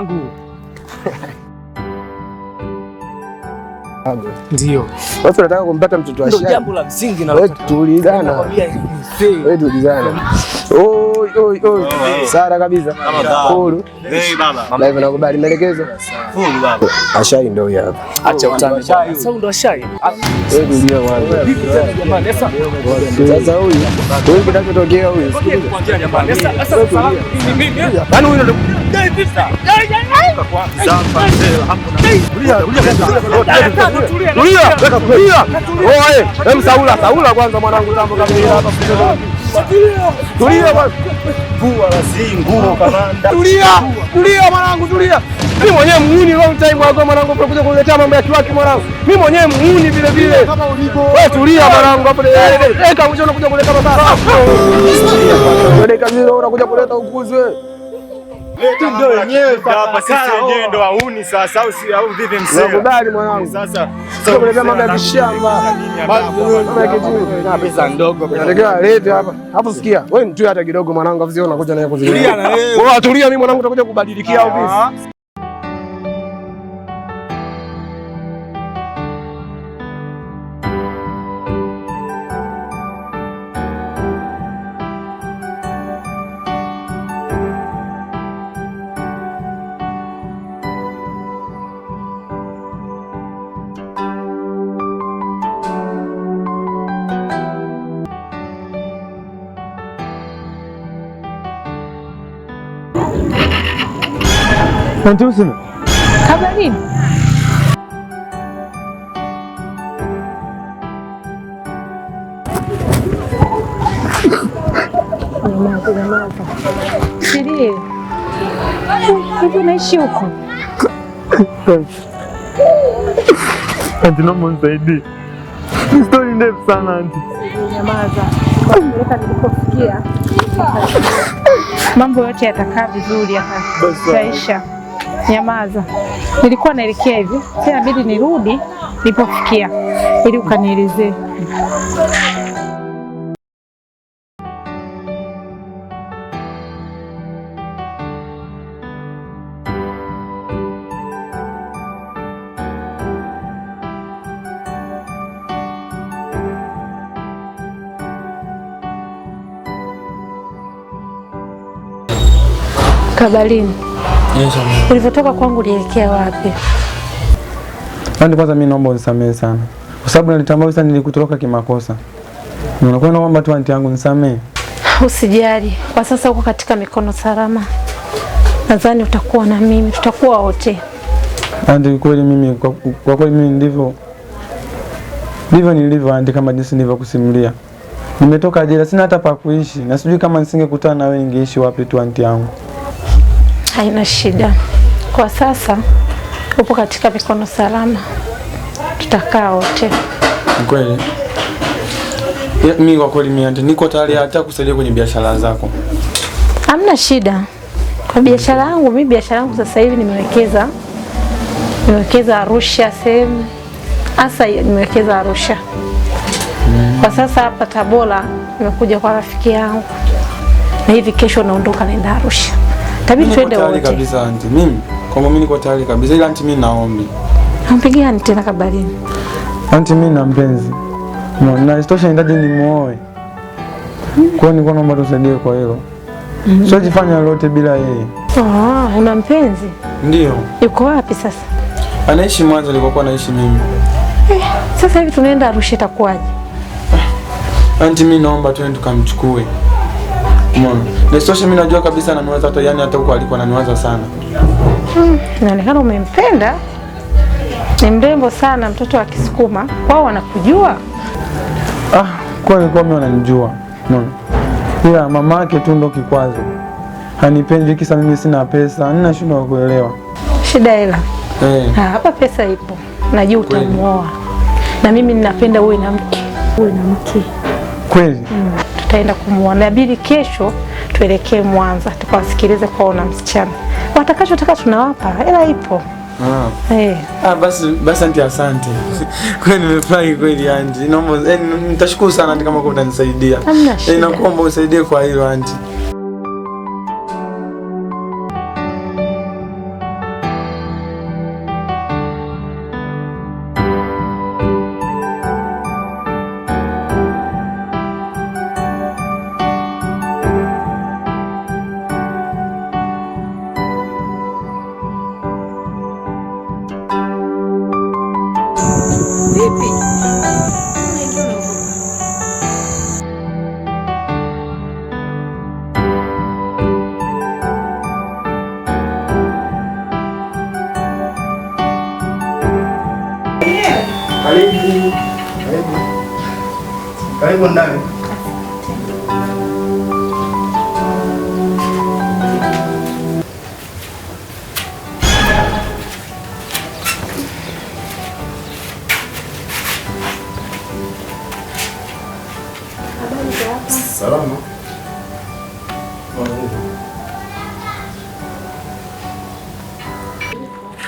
wangu. Ndio. Wewe unataka kumpata mtoto wa shamba. Ndio jambo la msingi na wewe tulizana. Wewe tulizana. Oh. Oh, Sara kabisa. Full. Live nakubali maelekezo. Full baba. Ashai ndio hapa. Acha oh, utani. Sasa ndio ashai. Wewe ndio wewe. Vipi jamani? Sasa huyu. Huyu kinachotokea huyu. Sasa salamu. Mimi. Bana yaani huyu ndio. Dai Dai Saula, Saula kwanza mwanangu tambo kamera. Tulia bwana. Vua la zingu kamanda. Tulia, tulia mwanangu tulia. Mimi mwenyewe muuni long time ago mwanangu kuja kuletea mambo ya kiwaki mwanangu. Mimi mwenyewe muuni vile vile. Wewe tulia mwanangu hapo. Eka unakuja kuleta baba. Wewe kazi unakuja kuleta ukuzi wewe ndio wenyewe hapa, sisi wenyewe oh. ndio wauni sasa, au au vipi? Msio kubali mwanangu, sasa sasa mambo ya kishamba, na pesa ndogo natakiwa lete hapa. Hapo sikia wewe, mtu hata kidogo mwanangu, unakuja naye kuzilia na wewe, wewe atulia. Mimi mwanangu, utakuja kubadilikia au ah. vipi? Anti Husna. Habari? Siri. Hivi Anti naomba unisaidie. stori ndefu sana anti. Nyamaza. nilipofikia. Mambo yote yatakaa vizuri hapa nyamaza. Nilikuwa naelekea hivi, sasa inabidi nirudi nilipofikia ili ukanielezee. Kabalini. Ulivyotoka kwangu ulielekea wapi? Yaani kwanza mimi naomba unisamehe sana kwa sababu nalitambua kabisa nilikutoroka kimakosa. Unakuwa naomba tu anti yangu nisamehe. Usijali, kwa sasa uko katika mikono salama. Nadhani utakuwa na mimi, tutakuwa wote. Anti, kweli mimi kwa, kwa kweli mimi ndivyo ndivyo nilivyo anti, kama jinsi nilivyokusimulia. Nimetoka ajira, sina hata pa kuishi na sijui kama nisingekutana na wewe ningeishi wapi tu anti yangu. Haina shida, kwa sasa upo katika mikono salama, tutakaa wote. Kweli mimi kwa kweli mimi niko tayari hata kusaidia kwenye biashara zako, hamna shida. Kwa biashara yangu mimi, biashara yangu sasa hivi nimewekeza, nimewekeza Arusha sehemu hasa, nimewekeza Arusha Kwa sasa hapa Tabora nimekuja kwa rafiki yangu, na hivi kesho naondoka naenda Arusha. Tabii tuende wote. Kabisa anti. Mimi kwa mimi niko tayari kabisa. Ila anti mimi naombi. Hampigia anti tena kabarini. Anti mimi na mpenzi. No, na istosha ndaje ni muoe. Kwa hiyo niko naomba tusaidie kwa hilo. Mm -hmm. jifanya lolote bila yeye. Oh, una mpenzi? Ndio. Yuko wapi sasa? Anaishi Mwanza alikokuwa anaishi mimi. Eh, sasa hivi tunaenda Arusha itakuwaje? Anti mimi naomba tuende tukamchukue. Umeona? Nesosha mimi najua kabisa ananiwaza hata yani hata huko alikuwa ananiwaza sana. Hmm, inaonekana umempenda. Ni mrembo sana mtoto wa Kisukuma. Wao wanakujua? Ah, kwa nini kwa mimi wananijua? Umeona? Ila mama yake tu ndo kikwazo. Hanipendi kisa mimi sina pesa, nina shida ya kuelewa. Shida hela. Eh. Ah, hapa pesa ipo. Najua utamuoa. Na mimi ninapenda uwe na mke. Uwe na mke. Kweli? Mm tutaenda kumuona yabidi kesho tuelekee Mwanza tukawasikilize kwaona msichana watakacho taka, tunawapa hela ipo. Ah. Hey. Eh. Ah, basi basi anti asante. Kweli nimefurahi kweli anti. Naomba eh, nitashukuru sana anti kama kwa kunisaidia. Ninakuomba eh, usaidie kwa hilo anti. với muôn đời Salama.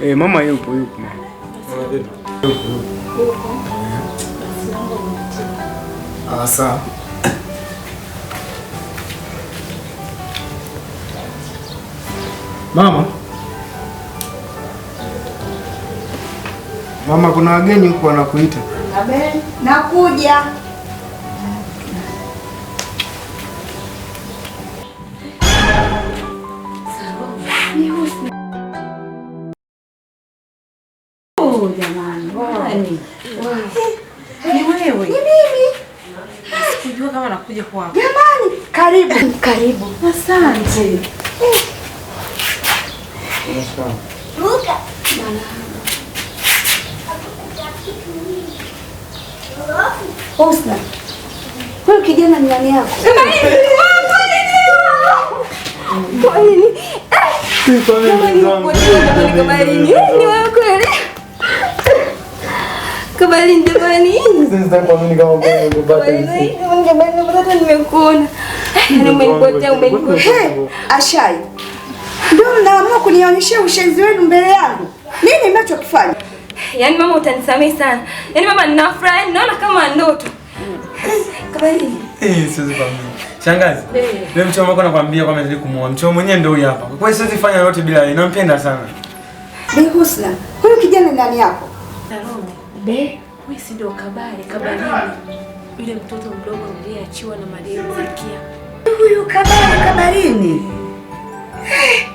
Eh, mama yupo yupo mama. Yupo. Yupo. Sawa. Mama, mama, kuna wageni huko wanakuita. Abel, nakuja. kuja kwangu. Jamani, karibu karibu. Asante. huyu kijana ni nani yako? Eh. Ni wewe kweli? Kubali jamani. Sasa kwa nini kama kwa nini kupata hizi? Jamani mbona nimekuona? Nimekuona umeniona. Ashai. Ndio mnaamua kunionyesha ushenzi wenu mbele yangu. Nini ninachokifanya? Yaani mama utanisamehe sana. Yaani mama nina furaha, naona kama ndoto. Kubali. Eh, siwezi kuamini. Shangazi. Eh. Wewe mchoma wako nakwambia kwamba ndio kumuoa. Mchoma mwenyewe ndio huyu hapa. Kwa hiyo siwezi fanya lolote bila yeye. Nampenda sana. Ni Husna. Huyu kijana nani yako? Salome. Be, wewe si ndio kabale kabarini? Yule mtoto mdogo aliyeachiwa na madeni kufikia. Huyu kabale kabarini. Eh.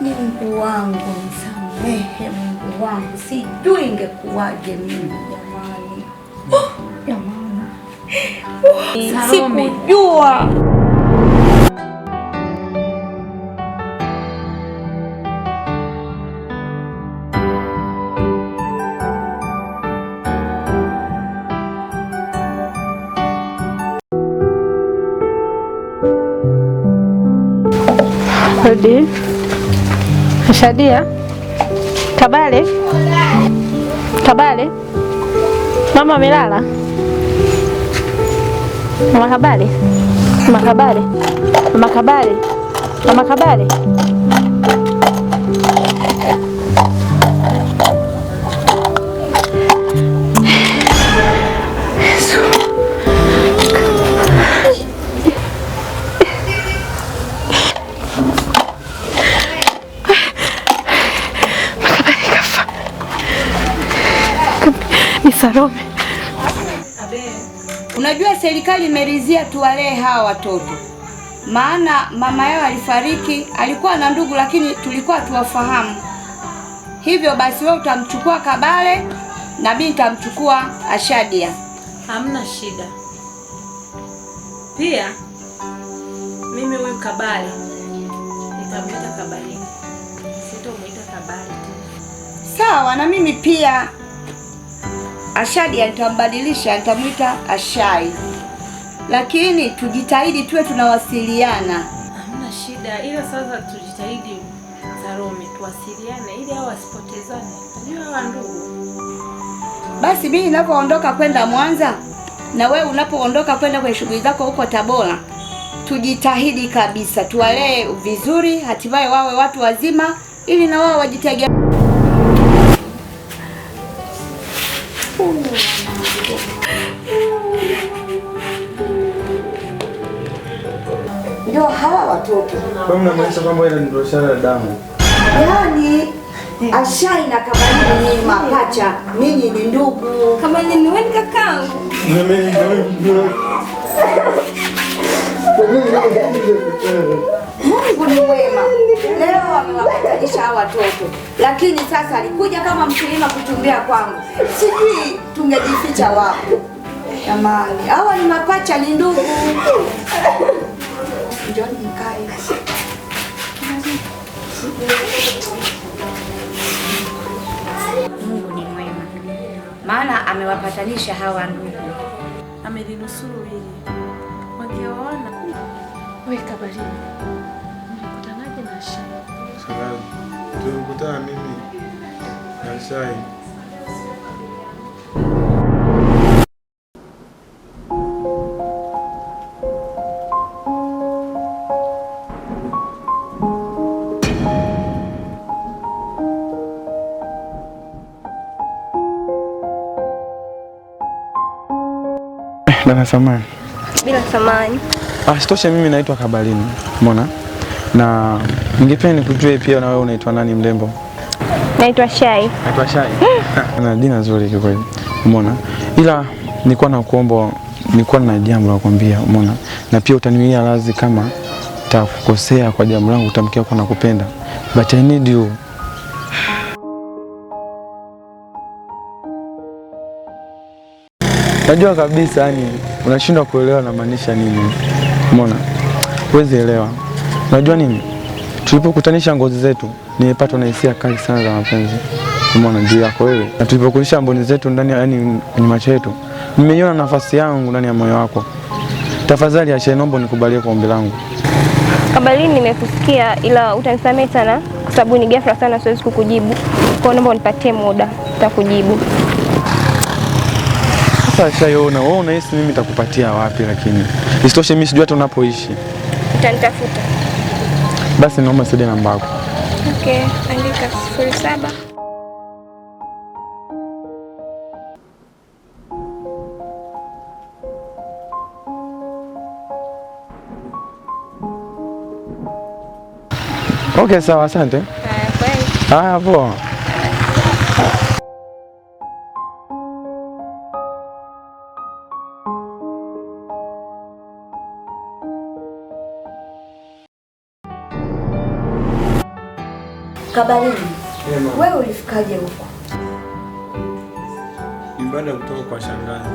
Mungu wangu msamehe, Mungu wangu, sijui ingekuwaje mimi jamani. Oh! Jamani. Oh! Sikujua. Rudi Shadia, Kabale, Kabale, mama amelala. Mama Kabale, mama Kabale, mama Kabale, mama Kabale. Salome, unajua serikali imeridhia tuwalee hawa watoto, maana mama yao alifariki, alikuwa na ndugu lakini tulikuwa tuwafahamu. Hivyo basi wewe utamchukua Kabale na mimi nitamchukua Ashadia. Hamna shida. Pia mimi huyu Kabale nitamwita Kabale, sitomwita Kabale. Sawa na mimi pia Ashadi nitambadilisha, nitamwita Ashai, lakini tujitahidi tuwe tunawasiliana. Hamna shida, ila sasa tujitahidi Salome, tuwasiliane ili hao wasipotezane, unajua hawa ndugu. Basi mimi ninapoondoka kwenda Mwanza na wewe unapoondoka kwenda kwenye shughuli zako huko Tabora, tujitahidi kabisa tuwalee vizuri, hatimaye wawe watu wazima ili na wao wajitegemee. Ndio hawa watoto. Kwa nini mnamaanisha kwamba ile ndio ishara ya damu? Yaani Ashai na Kabanini ni mapacha, ninyi ni ndugu. Kabanini wewe ni kakangu. Mimi ndio. Mungu ni mwema. Leo amewapatanisha hawa watoto, lakini sasa alikuja kama mkulima kutumbea kwangu, sijui tungejificha wapi jamani. Hawa ni mapacha, ni ndugu. Njoni mkae. Mungu ni mwema, maana amewapatanisha hawa ndugu, amelinusuru hili wakiwaona weka baridi Fadhali mimi na Shai. Dada Samani. Bila Samani. Ah, sitoshe mimi naitwa Kabalini. Mbona? na ningependa nikujue pia na wewe unaitwa nani mrembo? Naitwa Shai. Naitwa Shai. Na jina zuri kweli. Umeona? Ila nilikuwa kuomba nilikuwa na jambo la kukwambia, umeona? Na pia utaniwia radhi kama takukosea kwa jambo langu utamkia kwa nakupenda. But I need you. Najua kabisa yani unashindwa kuelewa na maanisha nini. Umeona? Huwezi elewa. Unajua nini, tulipokutanisha ngozi zetu nimepatwa na hisia kali sana za mapenzi kumwona juu yako wewe, na tulipokulisha mboni zetu ndani, yani kwenye macho yetu, nimeiona nafasi yangu ndani ya moyo wako. Tafadhali acha, naomba nikubalie kwa ombi langu. Kabalini, nimekusikia ila utanisamehe sana kwa sababu ni ghafla sana, siwezi kukujibu. Kwa naomba unipatie muda, nitakujibu. Sasa shaiona wewe, unahisi mimi nitakupatia wapi? Lakini isitoshe mimi sijui hata unapoishi. Utanitafuta basi naomba sidi namba yako. Okay, andika sifuri saba Okay, sawa, asante. Haya, poa. Kabarini, wewe ulifikaje huko? Ni baada ya kutoka kwa shangazi.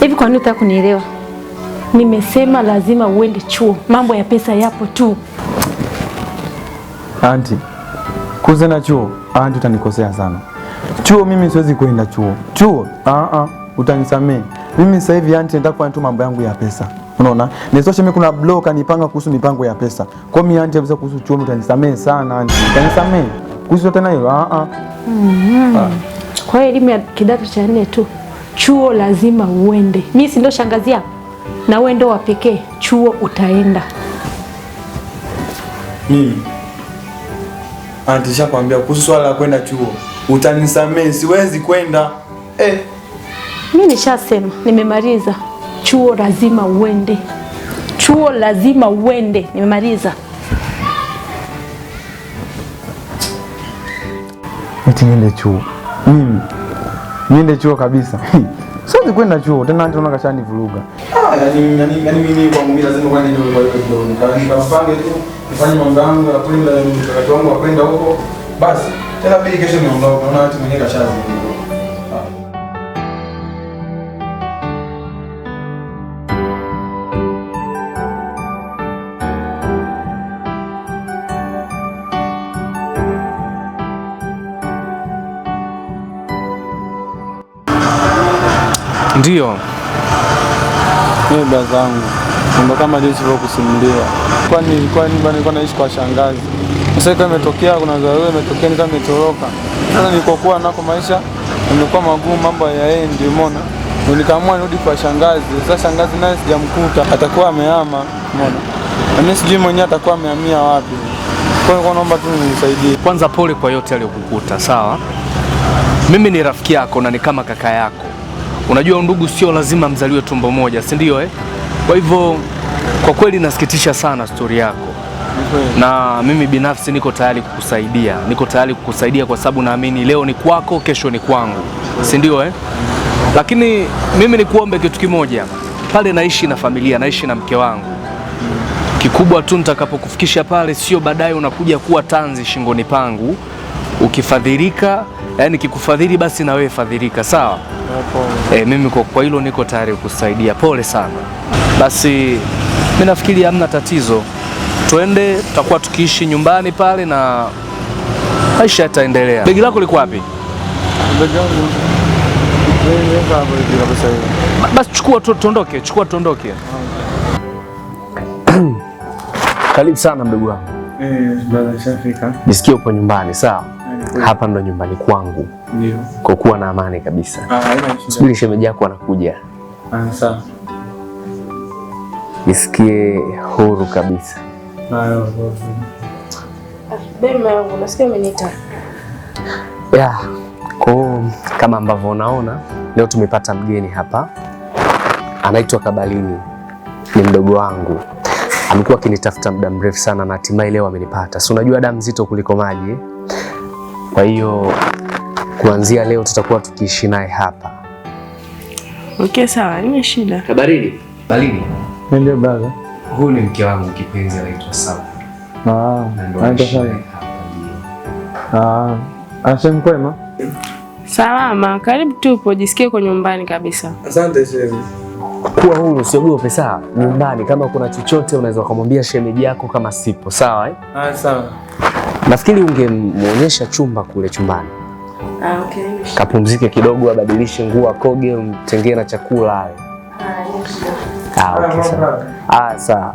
Hivi kwa nini unataka kunielewa? Nimesema lazima uende chuo, mambo ya pesa yapo tu. Anti, kuze na chuo, anti, utanikosea sana Chuo mimi siwezi kuenda chuo. Chuo uh -uh, utanisamee mimi sasa hivi anti, nataka kufanya tu mambo yangu ya pesa. Unaona, nisoshe mimi, kuna blog anipanga kuhusu mipango ya pesa. Kwa mimi anti, kabisa kuhusu chuo, utanisamee sana anti, utanisamee kuhusu tena hilo a mm-hmm. ah. Kwa hiyo elimu ya kidato cha nne tu chuo lazima uende. Mimi si ndo shangazi yako na wewe ndo wa pekee, chuo utaenda. Mimi anti, shakwambia kuhusu swala la kwenda chuo Utanisamehe, siwezi kwenda eh. Mi nishasema nimemaliza chuo, lazima uende chuo, lazima uende. Nimemaliza. Eti niende chuo mimi? Niende chuo kabisa? Siwezi kwenda chuo tena, ndio unaona kashani vuruga. kwenda huko basi. Tena pili kesho niondoka, naona wewe mwenyewe kashazi. Ndiyo mimi brazangu, ndio kama jinsi ilivyokusimulia, kwani nilikuwa nyumbani, nilikuwa naishi kwa shangazi mseka imetokea, kuna dharura imetokea, nika nimetoroka. Sasa nilikokuwa nako maisha nilikuwa magumu, mambo ya yeye ndio umeona, nikaamua nirudi kwa shangazi. Sasa shangazi naye sijamkuta, atakuwa amehama, umeona, na mimi sijui mwenyewe atakuwa amehamia wapi. Kwa hiyo naomba tu nisaidie. Kwanza pole kwa yote aliyokukuta, sawa. Mimi ni rafiki yako na ni kama kaka yako. Unajua ndugu sio lazima mzaliwe tumbo moja, si ndio eh? Kwa hivyo kwa kweli nasikitisha sana stori yako na mimi binafsi niko tayari kukusaidia, niko tayari kukusaidia kwa sababu naamini leo ni kwako, kesho ni kwangu, si ndio eh? Lakini mimi nikuombe kitu kimoja, pale naishi na familia, naishi na mke wangu. Kikubwa tu nitakapokufikisha pale, sio baadaye unakuja kuwa tanzi shingoni pangu ukifadhilika yani kikufadhili basi na wewe fadhilika, sawa e, mimi kwa, kwa hilo niko tayari kukusaidia Pole sana. Basi mimi nafikiri hamna tatizo twende, tutakuwa tukiishi nyumbani pale na maisha yataendelea. Begi lako liko wapi? Basi chukua tuondoke, chukua tuondoke. Karibu sana mdogo wangu. Jisikie eh, uko nyumbani, sawa? Ah, Hapa ndo nyumbani kwangu. Ndio. Kwa kuwa na amani kabisa. Ah, Subiri shemeji yako anakuja. Jisikie ah, huru kabisa. Ya, kama ambavyo unaona leo tumepata mgeni hapa, anaitwa Kabalini, ni mdogo wangu, amekuwa akinitafuta muda mrefu sana na hatimaye leo amenipata. Si unajua damu nzito kuliko maji, eh? kwa hiyo kuanzia leo tutakuwa tukiishi naye hapa. Okay, sawa, nina shida. Kabalini. Balini. Ndio baba huyu ni mke wangu kipenzi, anaitwa Samu. Ashe, mkwema? Salama, karibu. Tupo, jisikie kwa nyumbani kabisa. Asante shemeji. Kuwa huru, usiogope. Sawa, nyumbani kama kuna chochote unaweza ukamwambia shemeji yako kama sipo. Sawa eh? Ah, sawa. Nafikiri ungemwonyesha chumba kule chumbani. Ah, okay. Kapumzike kidogo, abadilishe nguo, akoge, mtengee na chakula. Ah, yes. Ah, okay, sawa. Ah, sawa. Ah,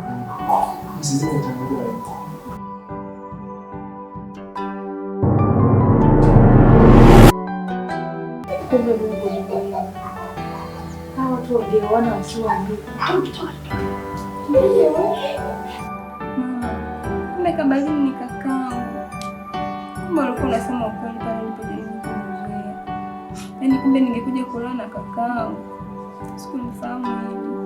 Mekabali ni kakangu, kumbe alikuwa anasema ukweli pale Yaani kumbe ningekuja na kakangu, sikunifahamu